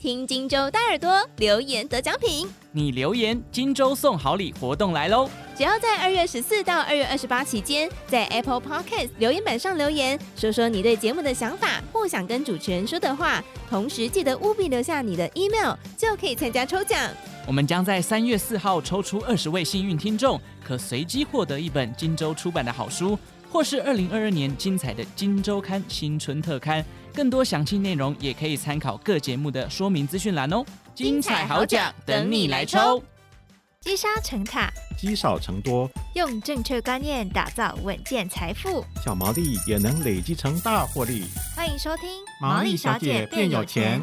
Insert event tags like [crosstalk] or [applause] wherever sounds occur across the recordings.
聽今周大耳朵留言得獎品，你留言今周送好禮活動來嘍！只要在二月十四到二月二十八期間，在 Apple Podcast 留言板上留言，說說你對節目的想法或想跟主持人說的話，同時記得務必留下你的 email，就可以參加抽獎。我們將在三月四號抽出二十位幸運聽眾，可隨機獲得一本今周出版的好書，或是二零二二年精彩的《今周刊新春特刊》。更多詳細內容也可以參考各節目的說明資訊欄哦。精彩好獎等你來抽，積沙成塔，積少成多，用正確觀念打造穩健財富，小毛利也能累積成大獲利。歡迎收聽《毛利小姐變有錢》有錢。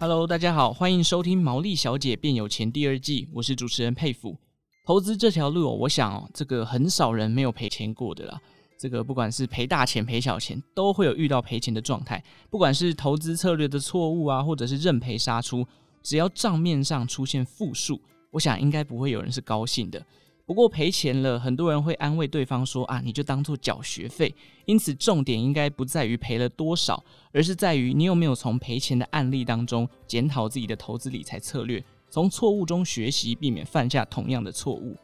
Hello，大家好，歡迎收聽《毛利小姐變有錢》第二季，我是主持人沛甫。投資這條路，我想哦，這個很少人沒有賠錢過的啦。這個不管是賠大錢賠小錢，都會有遇到賠錢的狀態。不管是投資策略的錯誤啊，或者是認賠殺出，只要賬面上出現負數，我想應該不會有人是高興的。不過賠錢了，很多人會安慰對方說啊，你就當做繳學費。因此，重點應該不在於賠了多少，而是在於你有沒有從賠錢的案例當中檢討自己的投資理財策略。從錯誤中學習，避免犯下同樣的錯誤。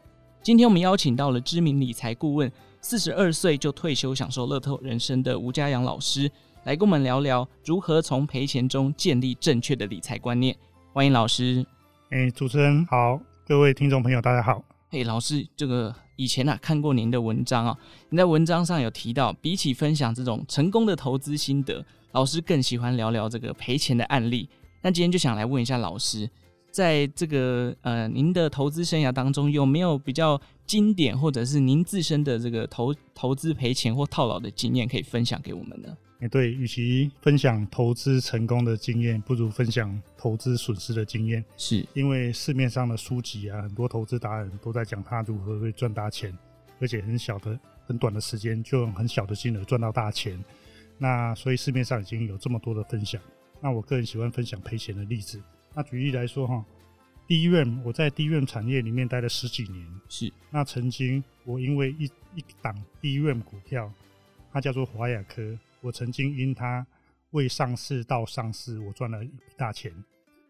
今天我們邀請到了知名理財顧問，四十二歲就退休享受樂透人生的吳家陽老師，來跟我們聊聊如何從賠錢中建立正確的理財觀念。歡迎老師。哎、欸，主持人好，各位聽眾朋友，大家好。哎、hey，老師，這個以前啊看過您的文章啊，你在文章上有提到，比起分享這種成功的投資心得，老師更喜歡聊聊這個賠錢的案例。那今天就想來問一下老師。在這個呃，您的投資生涯當中，有沒有比較經典，或者是您自身的這個投投資賠錢或套牢的經驗可以分享給我們呢？也、欸、對，與其分享投資成功的經驗，不如分享投資損失的經驗。是。因為市面上的書籍啊，很多投資達人都在講他如何會賺大錢，而且很小的很短的時間，就用很小的金額賺到大錢。那所以市面上已經有這麼多的分享，那我個人喜歡分享賠錢的例子。那舉例來說哈 DRAM 我在 DRAM 產業裡面待了十幾年，是。那曾經我因為一一檔 DRAM 股票，它叫做華亞科，我曾經因它未上市到上市，我賺了一筆大錢。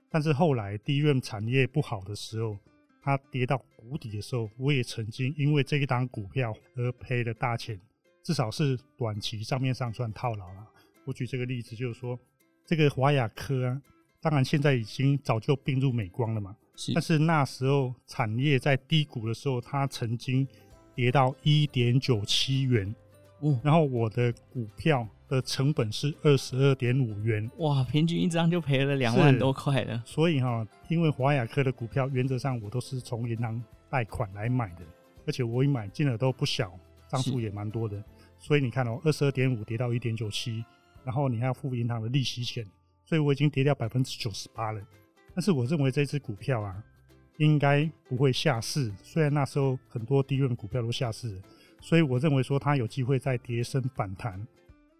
但是後來 DRAM 產業不好的時候，它跌到谷底的時候，我也曾經因為這一檔股票而賠了大錢，至少是短期賬面上算套牢了。我舉這個例子就是說，這個華亞科啊。當然，現在已經早就併入美光了嘛。但是那時候產業在低谷的時候，它曾經跌到一點九七元，哦。然後我的股票的成本是二十二點五元。哇，平均一張就賠了兩萬多塊了。所以哈、哦，因為華亞科的股票原則上我都是從銀行貸款來買的，而且我一買進的都不小，張數也蠻多的。所以你看哦，二十二點五跌到一點九七，然後你還要付銀行的利息錢。所以我已經跌掉百分之九十八了，但是我認為這支股票啊，應該不會下市。雖然那時候很多低位的股票都下市了，所以我認為說它有機會再跌深反彈。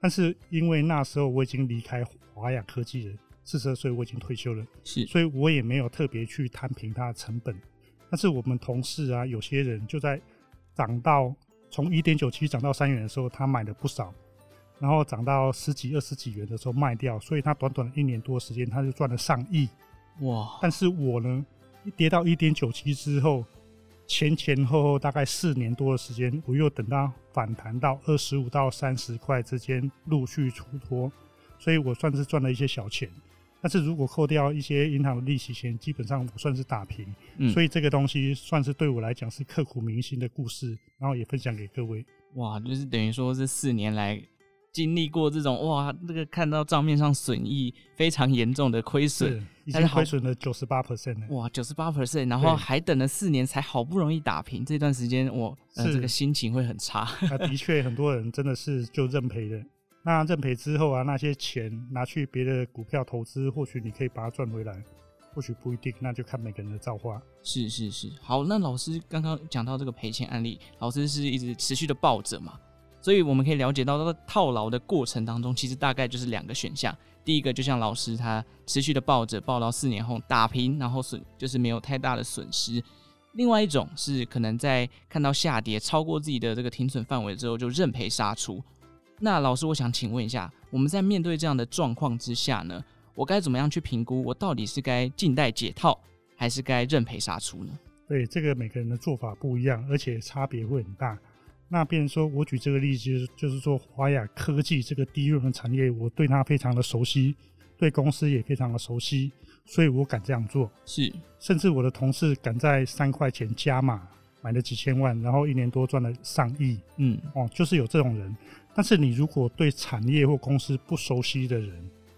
但是因為那時候我已經離開華亞科技了，四十二歲我已經退休了，是，所以我也沒有特別去攤平它的成本。但是我們同事啊，有些人就在漲到從一點九七漲到三元的時候，他買了不少。然後漲到十幾、二十幾元的時候賣掉，所以它短短的一年多的時間，它就賺了上億，哇！但是我呢，跌到一點九七之後，前前後後大概四年多的時間，我又等到反彈到二十五到三十塊之間陸續出脫，所以我算是賺了一些小錢。但是如果扣掉一些銀行的利息錢，基本上我算是打平。所以這個東西算是對我來講是刻骨銘心的故事，然後也分享給各位。哇，就是等於說這四年來。經歷過這種哇，那、這個看到賬面上損益非常嚴重的虧損，是已經虧損了九十八 percent 了哇，九十八 percent，然後還等了四年才好不容易打平。這段時間我、呃、這個心情會很差。呃、的確，很多人真的是就認賠的。 [laughs] 那認賠之後啊，那些錢拿去別的股票投資，或許你可以把它賺回來，或許不一定，那就看每個人的造化。是是是，好，那老師剛剛講到這個賠錢案例，老師是一直持續的抱着嘛？所以我們可以了解到，這個套牢的過程當中，其實大概就是兩個選項。第一個就像老師他持續的抱着，抱到四年後打平，然後損就是沒有太大的損失。另外一種是可能在看到下跌超過自己的這個停損範圍之後，就認賠殺出。那老師，我想請問一下，我們在面對這樣的狀況之下呢，我該怎麼樣去評估？我到底是該靜待解套，還是該認賠殺出呢？對，這個每個人的做法不一樣，而且差別會很大。那變成說，我舉這個例子，就是說華亞科技這個第一輪產業，我對它非常的熟悉，對公司也非常的熟悉，所以我敢這樣做。是，甚至我的同事敢在三塊錢加碼，買了幾千萬，然後一年多賺了上億。嗯，哦，就是有這種人。但是你如果對產業或公司不熟悉的人，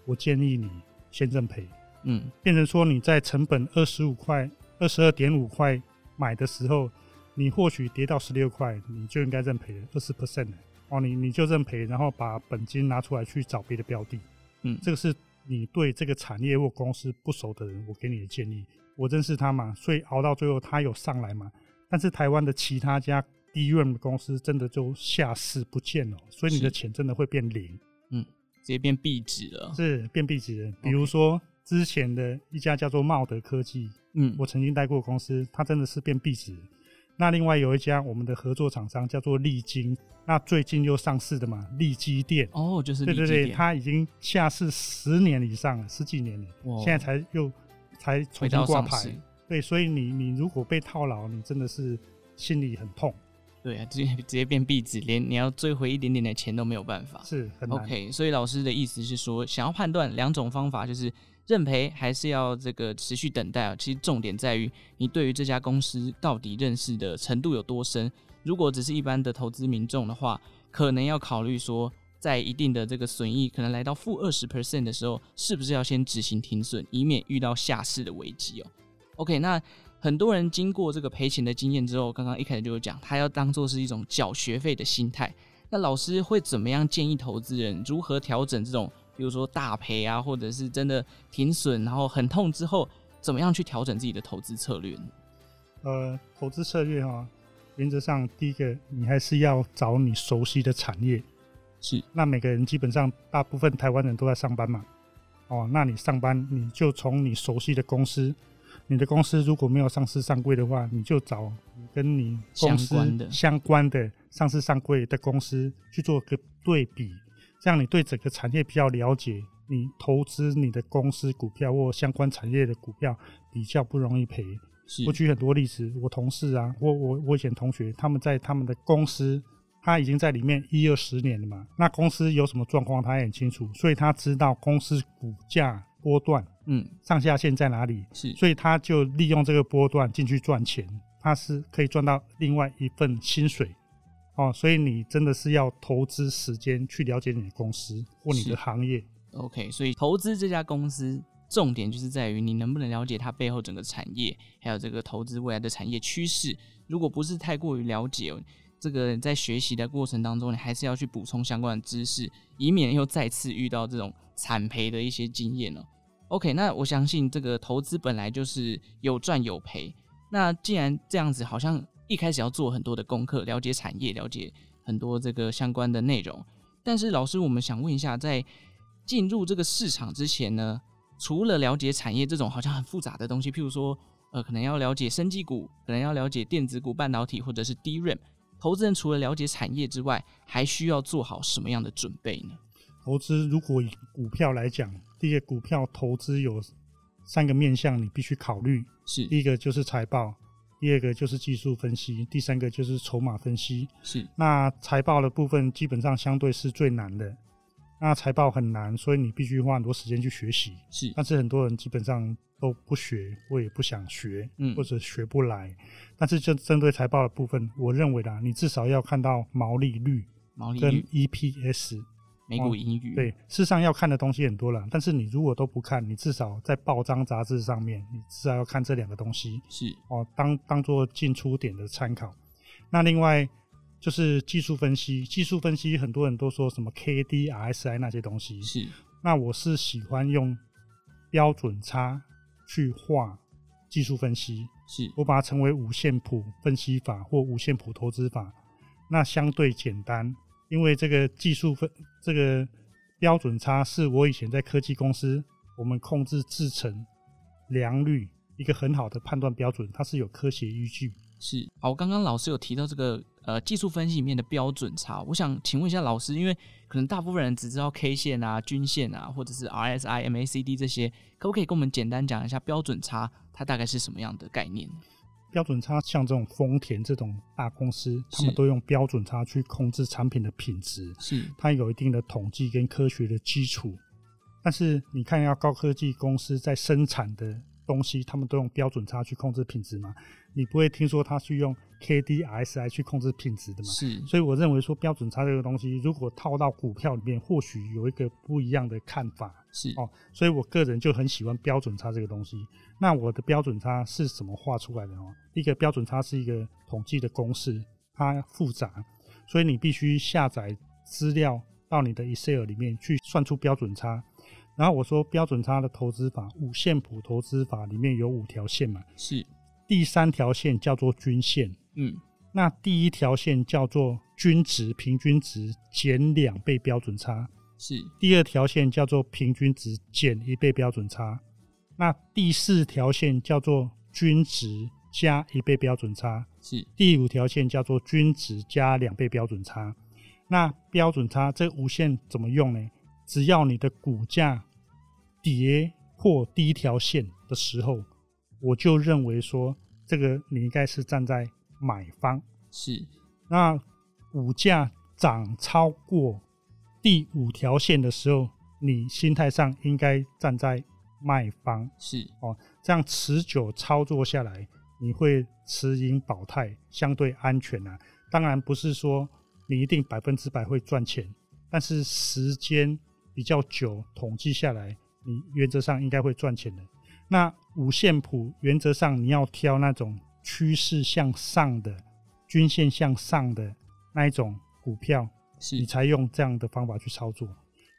我建議你先認賠。嗯，變成說你在成本二十五塊、二十二點五塊買的時候。你或許跌到十六塊，你就應該認賠二十 percent 哦，你你就認賠，然後把本金拿出來去找別的標的，嗯，這個是你對這個產業或公司不熟的人，我給你的建議。我認識他嘛，所以熬到最後他有上來嘛，但是台灣的其他家 DRAM 公司真的就下市不見了，所以你的錢真的會變零，嗯，直接變壁紙了，是變壁紙。比如說、okay. 之前的一家叫做茂德科技，嗯，我曾經帶過的公司，它真的是變壁紙。那另外有一家我們的合作廠商叫做力晶。那最近又上市的嘛，力積電哦，就是力積電對對對，它已經下市十年以上了，十幾年了，哦、現在才又才重新掛牌，對，所以你你如果被套牢，你真的是心裡很痛，對啊，直接直接變壁紙，連你要追回一點點的錢都沒有辦法，是很痛。OK，所以老師的意思是說，想要判斷兩種方法就是。認賠還是要這個持續等待啊、喔，其實重點在於你對於這家公司到底認識的程度有多深。如果只是一般的投資民眾的話，可能要考慮說，在一定的這個損益可能來到負二十 percent 的時候，是不是要先執行停損，以免遇到下市的危機哦、喔。OK，那很多人經過這個賠錢的經驗之後，剛剛一開始就有講，他要當做是一種繳學費的心態。那老師會怎麼樣建議投資人如何調整這種？比如說大賠啊，或者是真的停損，然後很痛之後，怎麼樣去調整自己的投資策略？呃，投資策略哈、哦，原則上第一個，你還是要找你熟悉的產業。是。那每個人基本上，大部分台灣人都在上班嘛。哦，那你上班，你就從你熟悉的公司，你的公司如果沒有上市上櫃的話，你就找跟你公司相關的上市上櫃的公司去做個對比。這樣，你對整個產業比較了解，你投資你的公司股票或相關產業的股票比較不容易賠。是，我舉很多例子，我同事啊，我我我以前同學，他們在他們的公司，他已經在裡面一二十年了嘛，那公司有什麼狀況他很清楚，所以他知道公司股價波段，嗯，上下限在哪裡，是，所以他就利用這個波段進去賺錢，他是可以賺到另外一份薪水。哦，所以你真的是要投資時間去了解你的公司或你的行業。OK，所以投資這家公司重點就是在於你能不能了解它背後整個產業，還有這個投資未來的產業趨勢。如果不是太過於了解，這個在學習的過程當中，你還是要去補充相關的知識，以免又再次遇到這種慘賠的一些經驗了。OK，那我相信這個投資本來就是有賺有賠，那既然這樣子，好像。一開始要做很多的功課，了解產業，了解很多這個相關的內容。但是老師，我們想問一下，在進入這個市場之前呢，除了了解產業這種好像很複雜的東西，譬如說，呃，可能要了解生技股，可能要了解電子股、半導體或者是 DRAM。投資人除了了解產業之外，還需要做好什麼樣的準備呢？投資如果以股票來講，這些股票投資有三個面向，你必須考慮，是第一個就是財報。第二個就是技術分析，第三個就是籌碼分析。是，那財報的部分基本上相對是最難的。那財報很難，所以你必須花很多時間去學習。是，但是很多人基本上都不學，我也不想學、嗯，或者學不來。但是就針對財報的部分，我認為啦，你至少要看到毛利率跟 EPS。美股英語、哦、對，事實上要看的東西很多了，但是你如果都不看，你至少在報章雜誌上面，你至少要看這兩個東西是哦，當當做進出點的參考。那另外就是技術分析，技術分析很多人都說什麼 KD、RSI 那些東西是，那我是喜歡用標準差去畫技術分析，是我把它稱為五線譜分析法或五線譜投資法，那相對簡單。因為這個技術分，這個標準差是我以前在科技公司，我們控制制程良率一個很好的判斷標準，它是有科學依據。是，好，我剛剛老師有提到這個呃技術分析裡面的標準差，我想請問一下老師，因為可能大部分人只知道 K 線啊、均線啊，或者是 RSI、MACD 這些，可不可以跟我們簡單講一下標準差它大概是什麼樣的概念？標準差，像這種豐田這種大公司，他們都用標準差去控制產品的品質。是，它有一定的統計跟科學的基礎。但是你看一下高科技公司在生產的東西，他們都用標準差去控制品質嗎？你不會聽說他是用 KDS 來去控制品質的嘛？是，所以我認為說標準差這個東西，如果套到股票裡面，或許有一個不一樣的看法。是哦，所以我個人就很喜歡標準差這個東西。那我的標準差是怎麼畫出來的哦？一個標準差是一個統計的公式，它複雜，所以你必須下載資料到你的 Excel 裡面去算出標準差。然後我說標準差的投資法，五線譜投資法裡面有五條線嘛。是。第三條線叫做均線，嗯，那第一條線叫做均值，平均值減兩倍標準差，是；第二條線叫做平均值減一倍標準差，是，那第四條線叫做均值加一倍標準差，是；第五條線叫做均值加兩倍標準差。那標準差這五線怎麼用呢？只要你的股價跌破第一條線的時候。我就認為說，這個你應該是站在買方是。那股價漲超過第五條線的時候，你心態上應該站在賣方是哦。這樣持久操作下來，你會持盈保泰，相對安全啊。當然不是說你一定百分之百會賺錢，但是時間比較久，統計下來，你原則上應該會賺錢的。那五線譜原則上你要挑那種趨勢向上的、均線向上的那一種股票，你才用這樣的方法去操作。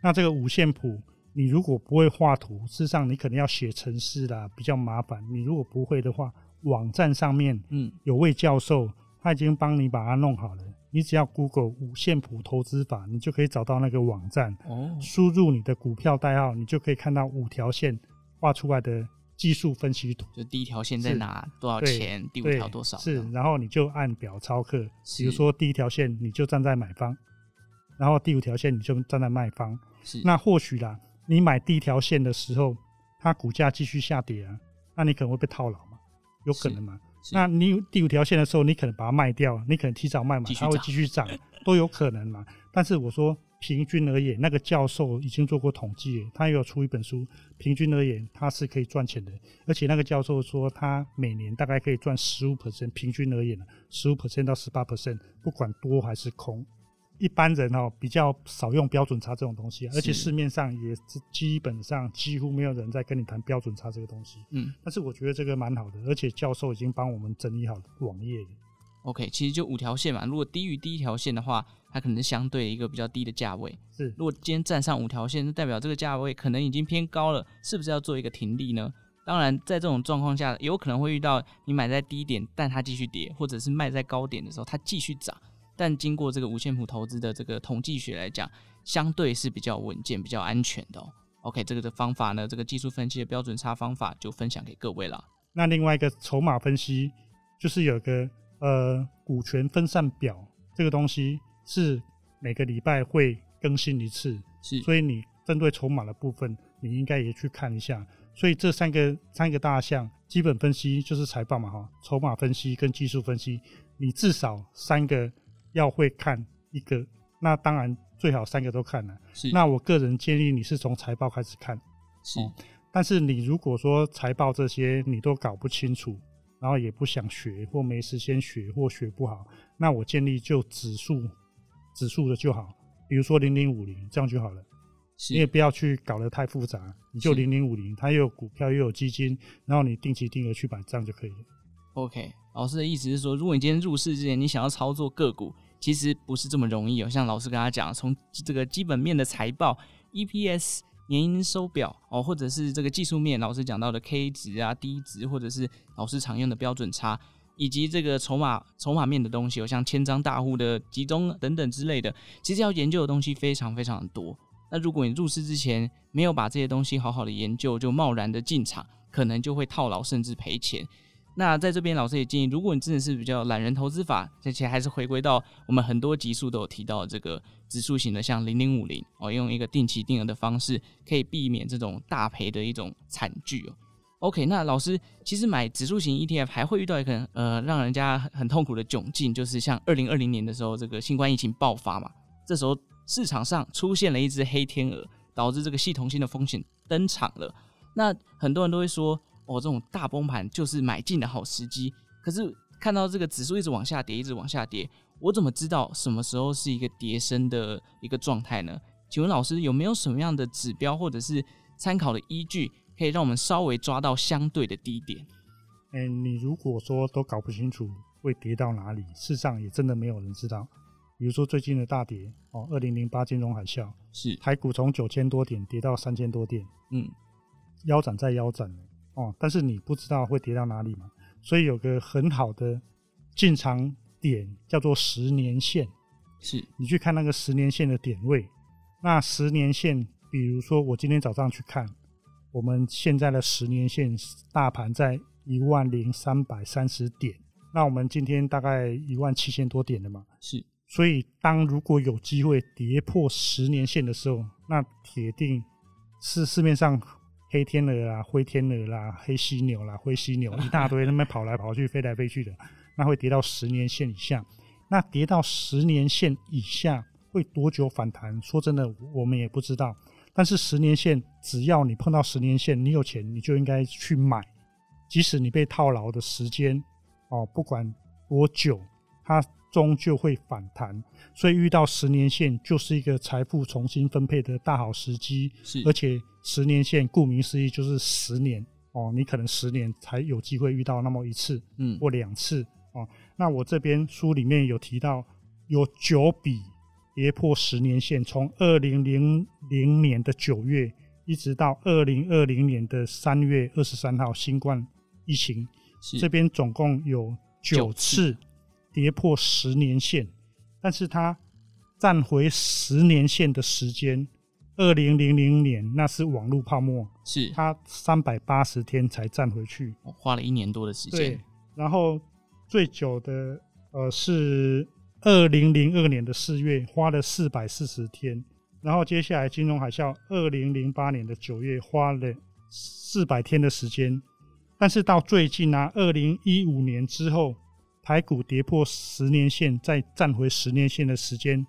那這個五線譜，你如果不會畫圖，事實上你可能要寫程式啦，比較麻煩。你如果不會的話，網站上面嗯有位教授他已經幫你把它弄好了，你只要 Google 五線譜投資法，你就可以找到那個網站哦。輸入你的股票代號，你就可以看到五條線。畫出來的技術分析圖，就第一條線在哪多少錢，對，第五條多少是，然後你就按表操課。比如說第一條線你就站在買方，然後第五條線你就站在賣方。是，那或許啦，你買第一條線的時候，它股價繼續下跌啊，那你可能會被套牢嘛，有可能嘛。那你有第五條線的時候，你可能把它賣掉，你可能提早賣嘛，繼續漲，它會繼續漲，都有可能嘛。 [laughs] 但是我說。平均而言，那個教授已經做過統計，他也有出一本書。平均而言，他是可以賺錢的。而且那個教授說，他每年大概可以賺十五 percent。平均而言十五 percent 到十八 percent，不管多還是空。一般人哦，比較少用標準差這種東西，而且市面上也是基本上幾乎沒有人在跟你談標準差這個東西。嗯。但是我覺得這個蠻好的，而且教授已經幫我們整理好網頁了。OK，其實就五條線嘛，如果低於第一條線的話。它可能相對一個比較低的價位。是，如果今天站上五條線，就代表這個價位可能已經偏高了，是不是要做一個停利呢？當然，在這種狀況下，有可能會遇到你買在低點，但它繼續跌，或者是賣在高點的時候它繼續漲。但經過這個五線譜投資的這個統計學來講，相對是比較穩健、比較安全的喔。OK，這個的方法呢，這個技術分析的標準差方法就分享給各位了。那另外一個籌碼分析就是有個呃股權分散表這個東西。是每個禮拜會更新一次，是，所以你針對籌碼的部分，你應該也去看一下。所以這三個三個大項，基本分析就是財報嘛，哈，籌碼分析跟技術分析，你至少三個要會看一個。那當然最好三個都看了。是，那我個人建議你是從財報開始看，是。哦，但是你如果說財報這些你都搞不清楚，然後也不想學或沒時間學或學不好，那我建議就指數。指數的就好，比如說零零五零，這樣就好了，你也不要去搞得太複雜，你就零零五零，它又有股票又有基金，然後你定期定額去買，這樣就可以了。OK，老師的意思是說，如果你今天入市之前你想要操作個股，其實不是這麼容易哦。像老師跟他講，從這個基本面的財報、EPS、年營收表哦，或者是這個技術面，老師講到的 K 值啊、D 值，或者是老師常用的標準差。以及這個籌碼籌碼面的東西，哦，有像千張大戶的集中等等之類的，其實要研究的東西非常非常的多。那如果你入市之前沒有把這些東西好好的研究，就貿然的進場，可能就會套牢甚至賠錢。那在這邊老師也建議，如果你真的是比較懶人投資法，而且還是回歸到我們很多集數都有提到的這個指數型的像0050、哦，像零零五零我用一個定期定額的方式，可以避免這種大賠的一種慘劇哦。OK，那老師，其實買指數型 ETF 還會遇到一個，呃，讓人家很痛苦的窘境，就是像二零二零年的時候，這個新冠疫情爆發嘛，這時候市場上出現了一隻黑天鵝，導致這個系統性的風險登場了。那很多人都會說，哦，這種大崩盤就是買進的好時機。可是看到這個指數一直往下跌，一直往下跌，我怎麼知道什麼時候是一個跌升的一個狀態呢？請問老師有沒有什麼樣的指標或者是參考的依據？可以讓我們稍微抓到相對的低點。嗯、欸，你如果說都搞不清楚會跌到哪裡，事實上也真的沒有人知道。比如說最近的大跌哦，二零零八金融海嘯，是台股從九千多點跌到三千多點，嗯，腰斬再腰斬哦。但是你不知道會跌到哪裡嘛，所以有個很好的進場點叫做十年線，是你去看那個十年線的點位。那十年線，比如說我今天早上去看。我們現在的十年線大盤在一萬零三百三十點，那我們今天大概一萬七千多點了嘛，是。所以當如果有機會跌破十年線的時候，那鐵定是市面上黑天鵝啊、灰天鵝啦、黑犀牛啦、灰犀牛一大堆那邊跑來跑去、飛來飛去的，那會跌到十年線以下。那跌到十年線以下會多久反彈？說真的，我們也不知道。但是十年線，只要你碰到十年線，你有錢你就應該去買，即使你被套牢的時間哦，不管多久，它終究會反彈。所以遇到十年線就是一個財富重新分配的大好時機。是，而且十年線顧名思義就是十年哦，你可能十年才有機會遇到那麼一次，嗯，或兩次哦。那我這邊書裡面有提到，有九筆。跌破十年線，從二零零零年的九月，一直到二零二零年的三月二十三號，新冠疫情這邊總共有九次跌破十年線，但是它站回十年線的時間，二零零零年那是網絡泡沫，是它三百八十天才站回去，哦，花了一年多的時間。對，然後最久的呃是。二零零二年的四月花了四百四十天，然後接下來金融海嘯，二零零八年的九月花了四百天的時間，但是到最近啊，二零一五年之後，台股跌破十年線再站回十年線的時間，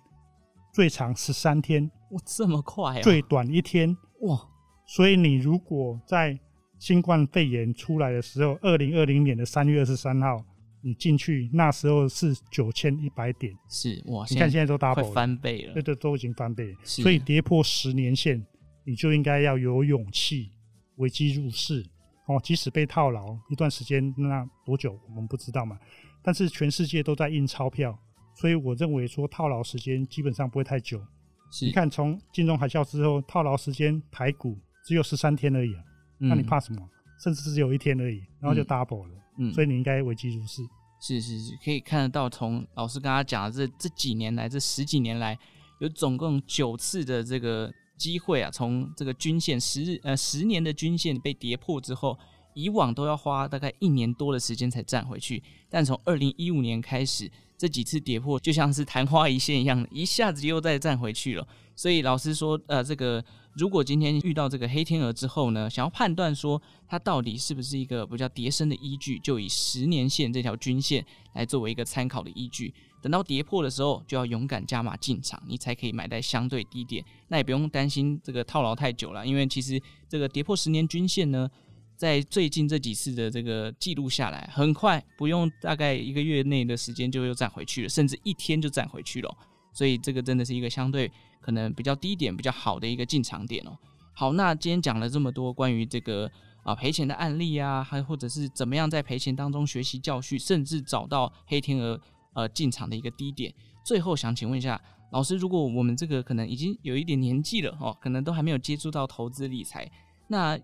最長十三天，哇，這麼快啊！最短一天，哇！所以你如果在新冠肺炎出來的時候，二零二零年的三月二十三號。你進去那時候是九千一百點，是，哇，你看現在都 double，翻倍了，對對，都已經翻倍了。所以跌破十年線，你就應該要有勇氣，危機入市，哦，即使被套牢一段時間，那多久我們不知道嘛。但是全世界都在印鈔票，所以我認為說套牢時間基本上不會太久。是。你看從金融海嘯之後套牢時間，台股只有十三天而已，啊，嗯，那你怕什麼？甚至只有一天而已，然後就 double 了。嗯嗯，所以你應該危機入市，是是是，可以看得到，從老師剛剛講的這這幾年來，這十幾年來，有總共九次的這個機會啊，從這個均線十日呃十年的均線被跌破之後，以往都要花大概一年多的時間才站回去，但從二零一五年開始，這幾次跌破就像是曇花一現一樣，一下子又再站回去了。所以老師說，呃，這個如果今天遇到這個黑天鵝之後呢，想要判斷說它到底是不是一個比較跌深的依據，就以十年線這條均線來作為一個參考的依據。等到跌破的時候，就要勇敢加碼進場，你才可以買在相對低點。那也不用擔心這個套牢太久了，因為其實這個跌破十年均線呢，在最近這幾次的這個記錄下來，很快不用大概一個月內的時間就又站回去了，甚至一天就站回去了。所以這個真的是一個相對可能比較低點、比較好的一個進場點哦、喔。好，那今天講了這麼多關於這個啊呃、賠錢的案例啊，還或者是怎麼樣在賠錢當中學習教訓，甚至找到黑天鵝呃進場的一個低點。最後想請問一下老師，如果我們這個可能已經有一點年紀了哦、喔，可能都還沒有接觸到投資理財，那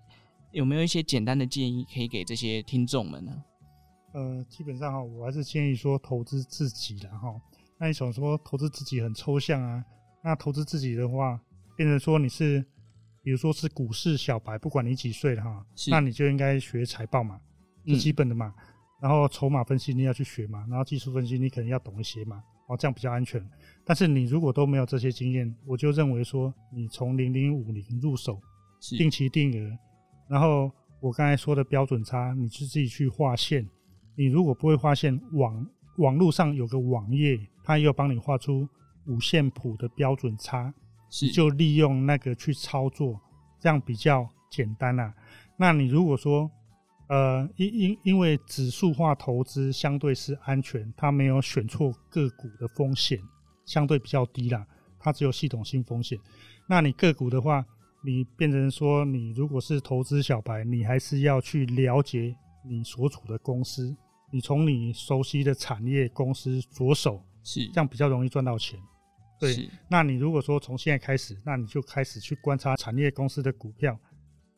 有沒有一些簡單的建議可以給這些聽眾們呢？呃，基本上哈，我還是建議說投資自己了哈。那你想說投資自己很抽象啊。那投資自己的話，變成說你是，比如說是股市小白，不管你幾歲了哈，那你就應該學財報嘛，最基本的嘛。嗯、然後籌碼分析你要去學嘛，然後技術分析你可能要懂一些嘛，哦，這樣比較安全。但是你如果都沒有這些經驗，我就認為說你從零零五零入手，定期定額，然後我剛才說的標準差，你去自己去畫線。你如果不會畫線，網網路上有個網頁。它又幫你畫出五線譜的標準差，是，就利用那個去操作，這樣比較簡單啦。那你如果說，呃，因因因為指數化投資相對是安全，它沒有選錯個股的風險，相對比較低啦，它只有系統性風險。那你個股的話，你變成說你如果是投資小白，你還是要去了解你所處的公司，你從你熟悉的產業公司着手。是，這樣比較容易賺到錢。對，那你如果說從現在開始，那你就開始去觀察產業公司的股票，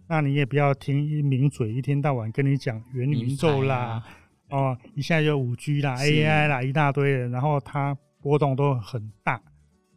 那你也不要聽一名嘴一天到晚跟你講元宇宙啦、啊，哦，一下就五 G 啦，AI 啦一大堆的，然後它波動都很大，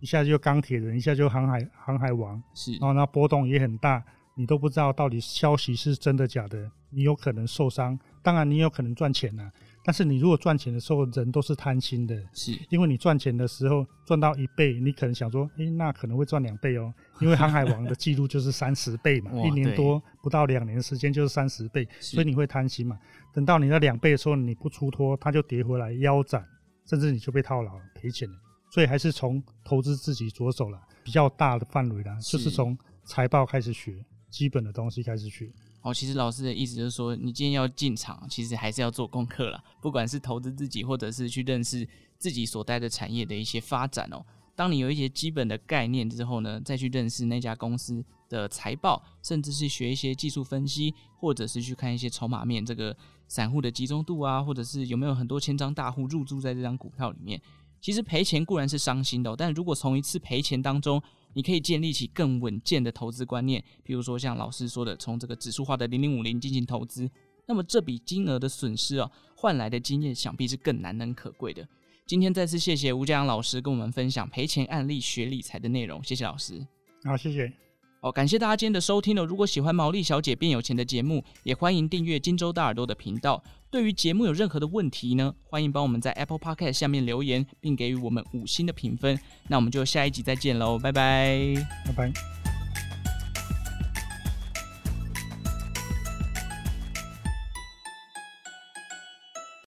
一下就鋼鐵人，一下就航海航海王，是，然後那波動也很大，你都不知道到底消息是真的假的，你有可能受傷，當然你有可能賺錢呢。但是你如果賺錢的時候，人都是貪心的，是因為你賺錢的時候賺到一倍，你可能想說，誒、欸，那可能會賺兩倍哦、喔，因為航海王的記錄就是三十倍嘛， [laughs] 一年多不到兩年時間就是三十倍，所以你會貪心嘛。等到你那兩倍的時候，你不出脫，它就跌回來腰斬，甚至你就被套牢了賠錢了。所以還是從投資自己着手了，比較大的範圍啦，就是從財報開始學，基本的東西開始學。哦，其實老師的意思就是說，你今天要進場，其實還是要做功課啦。不管是投資自己，或者是去認識自己所在的產業的一些發展哦。當你有一些基本的概念之後呢，再去認識那家公司的財報，甚至是學一些技術分析，或者是去看一些籌碼面，這個散戶的集中度啊，或者是有沒有很多千張大戶入駐在這張股票裡面。其實賠錢固然是傷心的喔，但如果從一次賠錢當中，你可以建立起更穩健的投資觀念，比如說像老師說的，從這個指數化的零零五零進行投資。那麼這筆金額的損失哦，換來的經驗想必是更難能可貴的。今天再次謝謝吳家揚老師跟我們分享賠錢案例學理財的內容，謝謝老師。好，謝謝。哦，感謝大家今天的收聽嘍、哦！如果喜歡《毛利小姐變有錢》的節目，也歡迎訂閱今周大耳朵的頻道。對於節目有任何的問題呢，歡迎幫我們在 Apple Podcast 下面留言，並給予我們五星的評分。那我們就下一集再見嘍，拜拜，拜拜。